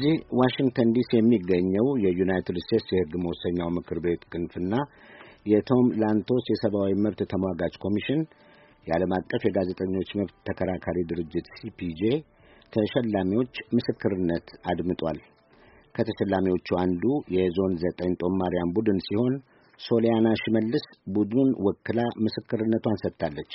ስለዚህ ዋሽንግተን ዲሲ የሚገኘው የዩናይትድ ስቴትስ የሕግ መወሰኛው ምክር ቤት ክንፍና የቶም ላንቶስ የሰብአዊ መብት ተሟጋች ኮሚሽን የዓለም አቀፍ የጋዜጠኞች መብት ተከራካሪ ድርጅት ሲፒጄ ተሸላሚዎች ምስክርነት አድምጧል። ከተሸላሚዎቹ አንዱ የዞን ዘጠኝ ጦማሪያን ቡድን ሲሆን ሶሊያና ሽመልስ ቡድኑን ወክላ ምስክርነቷን ሰጥታለች።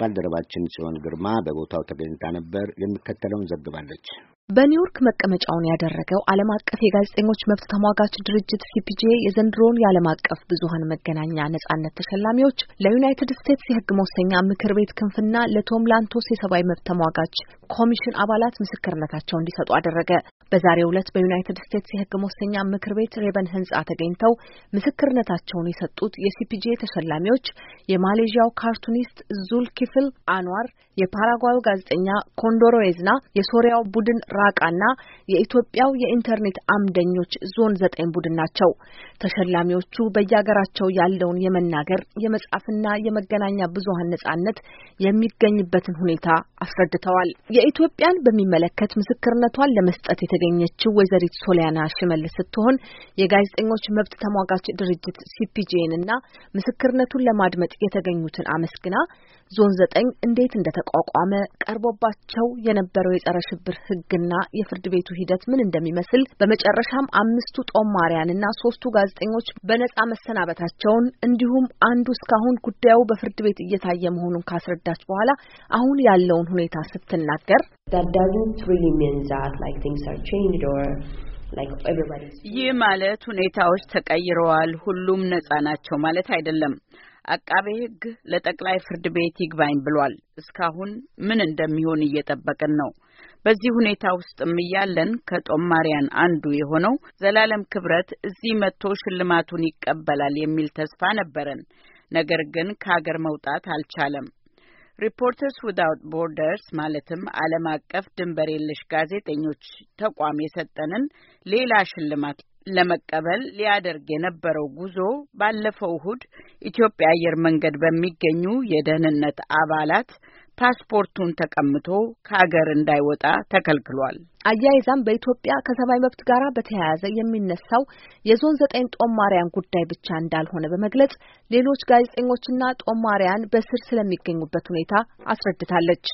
ባልደረባችን ጽዮን ግርማ በቦታው ተገኝታ ነበር፣ የሚከተለውን ዘግባለች። በኒውዮርክ መቀመጫውን ያደረገው ዓለም አቀፍ የጋዜጠኞች መብት ተሟጋች ድርጅት ሲፒጄ የዘንድሮውን የዓለም አቀፍ ብዙሀን መገናኛ ነጻነት ተሸላሚዎች ለዩናይትድ ስቴትስ የሕግ መወሰኛ ምክር ቤት ክንፍና ለቶም ላንቶስ የሰብአዊ መብት ተሟጋች ኮሚሽን አባላት ምስክርነታቸው እንዲሰጡ አደረገ። በዛሬው ዕለት በዩናይትድ ስቴትስ የሕግ መወሰኛ ምክር ቤት ሬበን ህንጻ ተገኝተው ምስክርነታቸውን የሰጡት የሲፒጄ ተሸላሚዎች የማሌዥያው ካርቱኒስት ዙልኪፍል አንዋር፣ የፓራጓዩ ጋዜጠኛ ኮንዶሮዌዝና የሶሪያው ቡድን ራቃና የኢትዮጵያው የኢንተርኔት አምደኞች ዞን ዘጠኝ ቡድን ናቸው። ተሸላሚዎቹ በየሀገራቸው ያለውን የመናገር የመጻፍና የመገናኛ ብዙሀን ነጻነት የሚገኝበትን ሁኔታ አስረድተዋል። የኢትዮጵያን በሚመለከት ምስክርነቷን ለመስጠት የተገኘችው ወይዘሪት ሶሊያና ሽመልስ ስትሆን የጋዜጠኞች መብት ተሟጋች ድርጅት ሲፒጄንና ምስክርነቱን ለማድመጥ የተገኙትን አመስግና ዞን ዘጠኝ እንዴት እንደተቋቋመ ቀርቦባቸው የነበረው የጸረ ሽብር ህግን የፍርድና የፍርድ ቤቱ ሂደት ምን እንደሚመስል በመጨረሻም አምስቱ ጦማሪያንና ሶስቱ ጋዜጠኞች በነጻ መሰናበታቸውን እንዲሁም አንዱ እስካሁን ጉዳዩ በፍርድ ቤት እየታየ መሆኑን ካስረዳች በኋላ አሁን ያለውን ሁኔታ ስትናገር ይህ ማለት ሁኔታዎች ተቀይረዋል፣ ሁሉም ነጻ ናቸው ማለት አይደለም። አቃቤ ሕግ ለጠቅላይ ፍርድ ቤት ይግባኝ ብሏል። እስካሁን ምን እንደሚሆን እየጠበቅን ነው። በዚህ ሁኔታ ውስጥም እያለን ከጦማሪያን አንዱ የሆነው ዘላለም ክብረት እዚህ መጥቶ ሽልማቱን ይቀበላል የሚል ተስፋ ነበረን። ነገር ግን ከሀገር መውጣት አልቻለም። ሪፖርተርስ ዊዛውት ቦርደርስ ማለትም ዓለም አቀፍ ድንበር የለሽ ጋዜጠኞች ተቋም የሰጠንን ሌላ ሽልማት ለመቀበል ሊያደርግ የነበረው ጉዞ ባለፈው እሁድ ኢትዮጵያ አየር መንገድ በሚገኙ የደህንነት አባላት ፓስፖርቱን ተቀምቶ ከሀገር እንዳይወጣ ተከልክሏል። አያይዛም በኢትዮጵያ ከሰብአዊ መብት ጋር በተያያዘ የሚነሳው የዞን ዘጠኝ ጦማሪያን ጉዳይ ብቻ እንዳልሆነ በመግለጽ ሌሎች ጋዜጠኞችና ጦማሪያን በስር ስለሚገኙበት ሁኔታ አስረድታለች።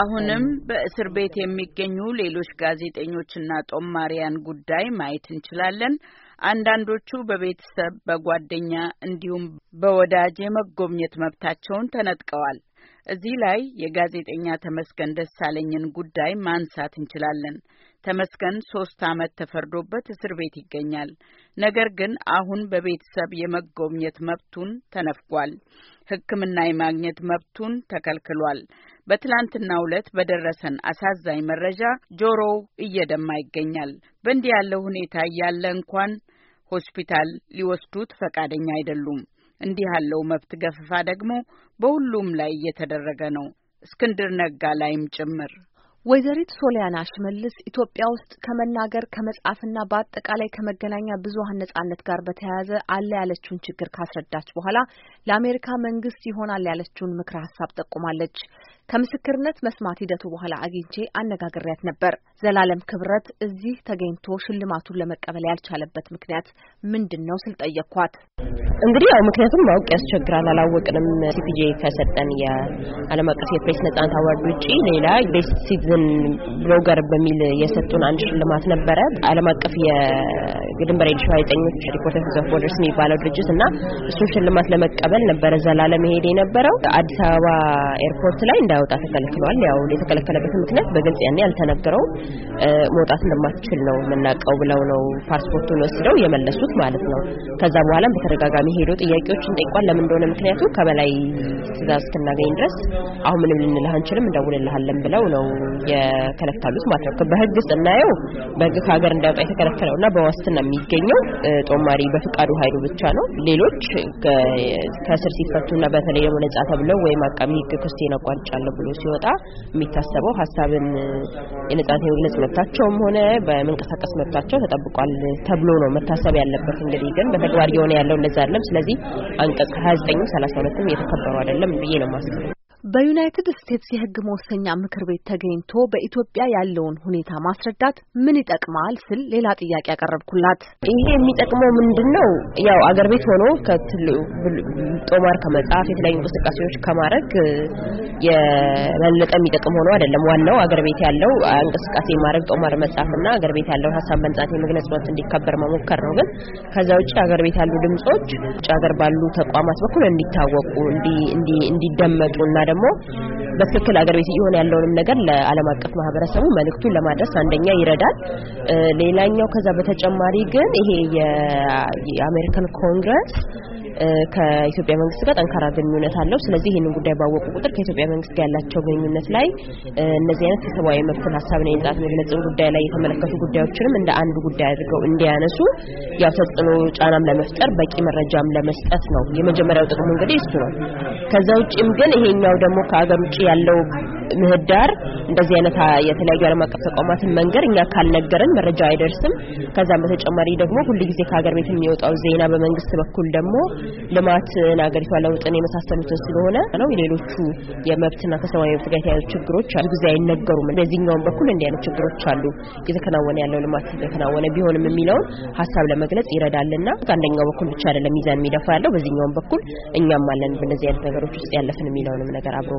አሁንም በእስር ቤት የሚገኙ ሌሎች ጋዜጠኞችና ጦማሪያን ጉዳይ ማየት እንችላለን። አንዳንዶቹ በቤተሰብ በጓደኛ እንዲሁም በወዳጅ የመጎብኘት መብታቸውን ተነጥቀዋል። እዚህ ላይ የጋዜጠኛ ተመስገን ደሳለኝን ጉዳይ ማንሳት እንችላለን። ተመስገን ሶስት አመት ተፈርዶበት እስር ቤት ይገኛል። ነገር ግን አሁን በቤተሰብ የመጎብኘት መብቱን ተነፍጓል። ሕክምና የማግኘት መብቱን ተከልክሏል። በትላንትና ዕለት በደረሰን አሳዛኝ መረጃ ጆሮው እየደማ ይገኛል። በእንዲህ ያለው ሁኔታ እያለ እንኳን ሆስፒታል ሊወስዱት ፈቃደኛ አይደሉም። እንዲህ ያለው መብት ገፈፋ ደግሞ በሁሉም ላይ እየተደረገ ነው። እስክንድር ነጋ ላይም ጭምር ወይዘሪት ሶሊያና ሽመልስ ኢትዮጵያ ውስጥ ከመናገር ከመጻፍና በአጠቃላይ ከመገናኛ ብዙሀን ነጻነት ጋር በተያያዘ አለ ያለችውን ችግር ካስረዳች በኋላ ለአሜሪካ መንግስት ይሆናል ያለችውን ምክረ ሀሳብ ጠቁማለች። ከምስክርነት መስማት ሂደቱ በኋላ አግኝቼ አነጋግሬያት ነበር። ዘላለም ክብረት እዚህ ተገኝቶ ሽልማቱን ለመቀበል ያልቻለበት ምክንያት ምንድን ነው ስል ጠየቅኳት። እንግዲህ ያው ምክንያቱም ማወቅ ያስቸግራል፣ አላወቅንም። ሲፒጄ ከሰጠን የዓለም አቀፍ የፕሬስ ነጻነት አዋርድ ውጪ ሌላ ቤስት ሲቲዝን ብሎገር በሚል የሰጡን አንድ ሽልማት ነበረ። ዓለም አቀፍ የድንበር የለሽ ጋዜጠኞች ሪፖርተርስ ኦፍ ቦርደርስ የሚባለው ድርጅት እና እሱን ሽልማት ለመቀበል ለመቀበል ነበረ ዘላለም መሄድ የነበረው። አዲስ አበባ ኤርፖርት ላይ እንዳይወጣ ተከልክሏል። ያው የተከለከለበት ምክንያት በግልጽ ያኔ አልተነገረውም። መውጣት እንደማትችል ነው የምናውቀው ብለው ነው ፓስፖርቱን ወስደው የመለሱት ማለት ነው። ከዛ በኋላም በተደጋጋሚ ሄዶ ጥያቄዎችን ጠይቋል። ለምን እንደሆነ ምክንያቱ ከበላይ ትዕዛዝ እስክናገኝ ድረስ አሁን ምንም ልንልህ አንችልም እንደውልልሃለን ብለው ነው የከለከሉት ማለት ነው። በህግ ስናየው በህግ ከሀገር እንዳይወጣ የተከለከለውና በዋስትና የሚገኘው ጦማሪ በፍቃዱ ኃይሉ ብቻ ነው። ሌሎች ከእስር ሲፈቱና በተለይ ደግሞ ነጻ ተብለው ወይም አቃቢ ሕግ ክስቴን አቋርጫለሁ ብሎ ሲወጣ የሚታሰበው ሀሳብን የነጻ የመግለጽ መብታቸውም ሆነ በመንቀሳቀስ መብታቸው ተጠብቋል ተብሎ ነው መታሰብ ያለበት። እንግዲህ ግን በተግባር የሆነ ያለው እንደዛ አይደለም። ስለዚህ አንቀጽ 29 32ም የተከበሩ አይደለም ብዬ ነው የማስበው። በዩናይትድ ስቴትስ የሕግ መወሰኛ ምክር ቤት ተገኝቶ በኢትዮጵያ ያለውን ሁኔታ ማስረዳት ምን ይጠቅማል ስል ሌላ ጥያቄ ያቀረብኩላት፣ ይሄ የሚጠቅመው ምንድን ነው? ያው አገር ቤት ሆኖ ጦማር ከመጻፍ የተለያዩ እንቅስቃሴዎች ከማድረግ የበለጠ የሚጠቅም ሆኖ አይደለም። ዋናው አገር ቤት ያለው እንቅስቃሴ ማድረግ ጦማር መጻፍና አገር ቤት ያለውን ሀሳብ መንጻት የመግለጽ መብት እንዲከበር መሞከር ነው። ግን ከዛ ውጭ አገር ቤት ያሉ ድምጾች ውጭ ሀገር ባሉ ተቋማት በኩል እንዲታወቁ እንዲደመጡ እና ደግሞ በትክክል አገር ቤት እየሆነ ያለውንም ነገር ለዓለም አቀፍ ማህበረሰቡ መልእክቱን ለማድረስ አንደኛ ይረዳል። ሌላኛው ከዛ በተጨማሪ ግን ይሄ የአሜሪካን ኮንግረስ ከኢትዮጵያ መንግስት ጋር ጠንካራ ግንኙነት አለው። ስለዚህ ይህንን ጉዳይ ባወቁ ቁጥር ከኢትዮጵያ መንግስት ጋር ያላቸው ግንኙነት ላይ እነዚህ አይነት የሰብአዊ መብትን ሀሳብና የነጻነት መግለጽን ጉዳይ ላይ የተመለከቱ ጉዳዮችንም እንደ አንድ ጉዳይ አድርገው እንዲያነሱ ያው ተጽዕኖ ጫናም ለመፍጠር በቂ መረጃም ለመስጠት ነው። የመጀመሪያው ጥቅሙ እንግዲህ እሱ ነው። ከዛ ውጭም ግን ይሄኛው ደግሞ ከሀገር ውጭ ያለው ምህዳር እንደዚህ አይነት የተለያዩ ዓለም አቀፍ ተቋማትን መንገር እኛ ካልነገርን መረጃ አይደርስም። ከዛም በተጨማሪ ደግሞ ጊዜ ከሀገር ቤት የሚወጣው ዜና በመንግስት በኩል ደግሞ ልማትን፣ አገሪቷ ለውጥን የመሳሰሉትን ስለሆነ ነው ሌሎቹ የመብትና ከሰብአዊ መብት ጋር የተያያዙ ችግሮች አሉ ጊዜ አይነገሩም። በዚህኛውም በኩል እንዲህ አይነት ችግሮች አሉ። እየተከናወነ ያለው ልማት እየተከናወነ ቢሆንም የሚለውን ሀሳብ ለመግለጽ ይረዳልና ከአንደኛው በኩል ብቻ አይደለም ሚዛን የሚደፋ ያለው በዚህኛውም በኩል እኛም አለን በእነዚህ አይነት ነገሮች ውስጥ ያለፍን የሚለውንም ነገር አብሮ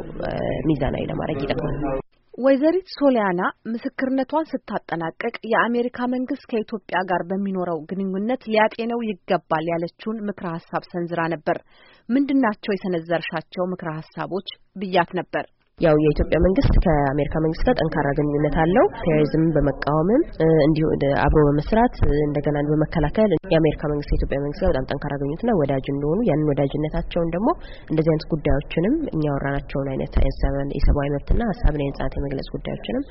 ሚዛናዊ ለማድረግ ይጠቅማል። ወይዘሪት ሶሊያና ምስክርነቷን ስታጠናቀቅ የአሜሪካ መንግስት ከኢትዮጵያ ጋር በሚኖረው ግንኙነት ሊያጤነው ይገባል ያለችውን ምክረ ሀሳብ ሰንዝራ ነበር። ምንድናቸው የሰነዘርሻቸው ምክረ ሀሳቦች ብያት ነበር። ያው የኢትዮጵያ መንግስት ከአሜሪካ መንግስት ጋር ጠንካራ ግንኙነት አለው። ቴሮሪዝም በመቃወምም እንዲሁ አብሮ በመስራት እንደገና በመከላከል የአሜሪካ መንግስት ከኢትዮጵያ መንግስት ጋር በጣም ጠንካራ ግንኙነትና ወዳጅ እንደሆኑ ያንን ወዳጅነታቸውን ደግሞ እንደዚህ አይነት ጉዳዮችንም እኛ ወራናቸውን አይነት የሰብአዊ መብትና ሀሳብን የነጻነት የመግለጽ ጉዳዮችንም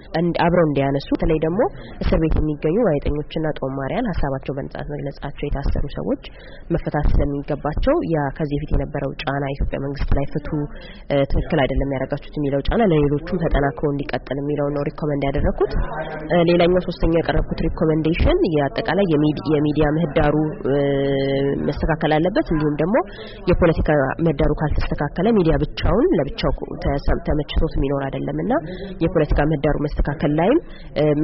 አብረው እንዲያነሱ በተለይ ደግሞ እስር ቤት የሚገኙ ጋዜጠኞችና ጦማሪያን ሀሳባቸው በነጻነት መግለጻቸው የታሰሩ ሰዎች መፈታት ስለሚገባቸው ያ ከዚህ በፊት የነበረው ጫና የኢትዮጵያ መንግስት ላይ ፍቱ፣ ትክክል አይደለም ያደረጋችሁት የሚለው ያለው ጫና ለሌሎቹም ተጠናክሮ እንዲቀጥል የሚለው ነው ሪኮመንድ ያደረኩት። ሌላኛው ሶስተኛ ያቀረብኩት ሪኮመንዴሽን የአጠቃላይ የሚዲያ ምህዳሩ መስተካከል አለበት። እንዲሁም ደግሞ የፖለቲካ ምህዳሩ ካልተስተካከለ ሚዲያ ብቻውን ለብቻው ተመችቶት የሚኖር አይደለም እና የፖለቲካ ምህዳሩ መስተካከል ላይም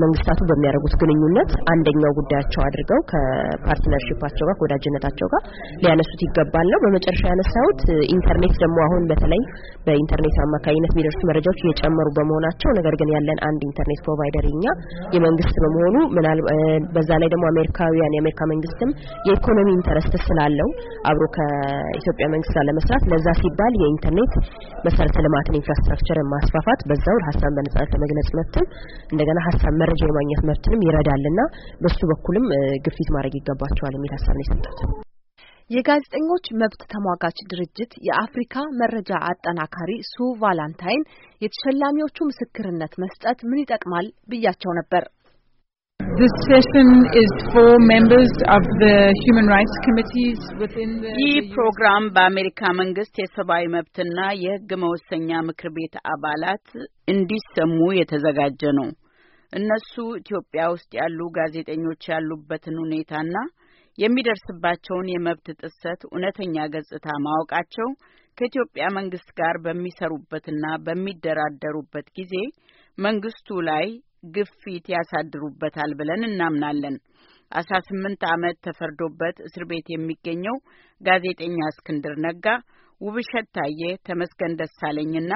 መንግስታቱ በሚያደርጉት ግንኙነት አንደኛው ጉዳያቸው አድርገው ከፓርትነርሽፓቸው ጋር ከወዳጅነታቸው ጋር ሊያነሱት ይገባል ነው። በመጨረሻ ያነሳሁት ኢንተርኔት ደግሞ አሁን በተለይ በኢንተርኔት አማካኝነት የሚደርሱ የመንግስት መረጃዎች እየጨመሩ በመሆናቸው ነገር ግን ያለን አንድ ኢንተርኔት ፕሮቫይደር እኛ የመንግስት በመሆኑ በዛ ላይ ደግሞ አሜሪካውያን የአሜሪካ መንግስትም የኢኮኖሚ ኢንተረስት ስላለው አብሮ ከኢትዮጵያ መንግስት ጋር ለመስራት ለዛ ሲባል የኢንተርኔት መሰረተ ልማትን ኢንፍራስትራክቸርን ማስፋፋት በዛው ሀሳብ በነጻነት ለመግለጽ መብትም እንደገና ሀሳብ መረጃ የማግኘት መብትንም ይረዳልና በሱ በኩልም ግፊት ማድረግ ይገባቸዋል የሚል ሀሳብ ነው የሰጡት። የጋዜጠኞች መብት ተሟጋች ድርጅት የአፍሪካ መረጃ አጠናካሪ ሱ ቫላንታይን የተሸላሚዎቹ ምስክርነት መስጠት ምን ይጠቅማል ብያቸው ነበር። ይህ ፕሮግራም በአሜሪካ መንግስት የሰብአዊ መብትና የህግ መወሰኛ ምክር ቤት አባላት እንዲሰሙ የተዘጋጀ ነው። እነሱ ኢትዮጵያ ውስጥ ያሉ ጋዜጠኞች ያሉበትን ሁኔታና የሚደርስባቸውን የመብት ጥሰት እውነተኛ ገጽታ ማወቃቸው ከኢትዮጵያ መንግስት ጋር በሚሰሩበትና በሚደራደሩበት ጊዜ መንግስቱ ላይ ግፊት ያሳድሩበታል ብለን እናምናለን። አስራ ስምንት ዓመት ተፈርዶበት እስር ቤት የሚገኘው ጋዜጠኛ እስክንድር ነጋ፣ ውብሸት ታየ፣ ተመስገን ደሳለኝና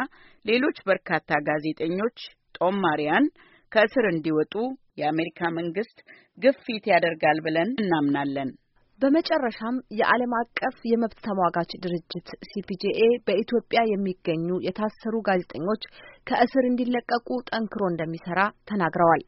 ሌሎች በርካታ ጋዜጠኞች ጦማሪያን ከእስር እንዲወጡ የአሜሪካ መንግስት ግፊት ያደርጋል ብለን እናምናለን። በመጨረሻም የዓለም አቀፍ የመብት ተሟጋች ድርጅት ሲፒጄኤ በኢትዮጵያ የሚገኙ የታሰሩ ጋዜጠኞች ከእስር እንዲለቀቁ ጠንክሮ እንደሚሰራ ተናግረዋል።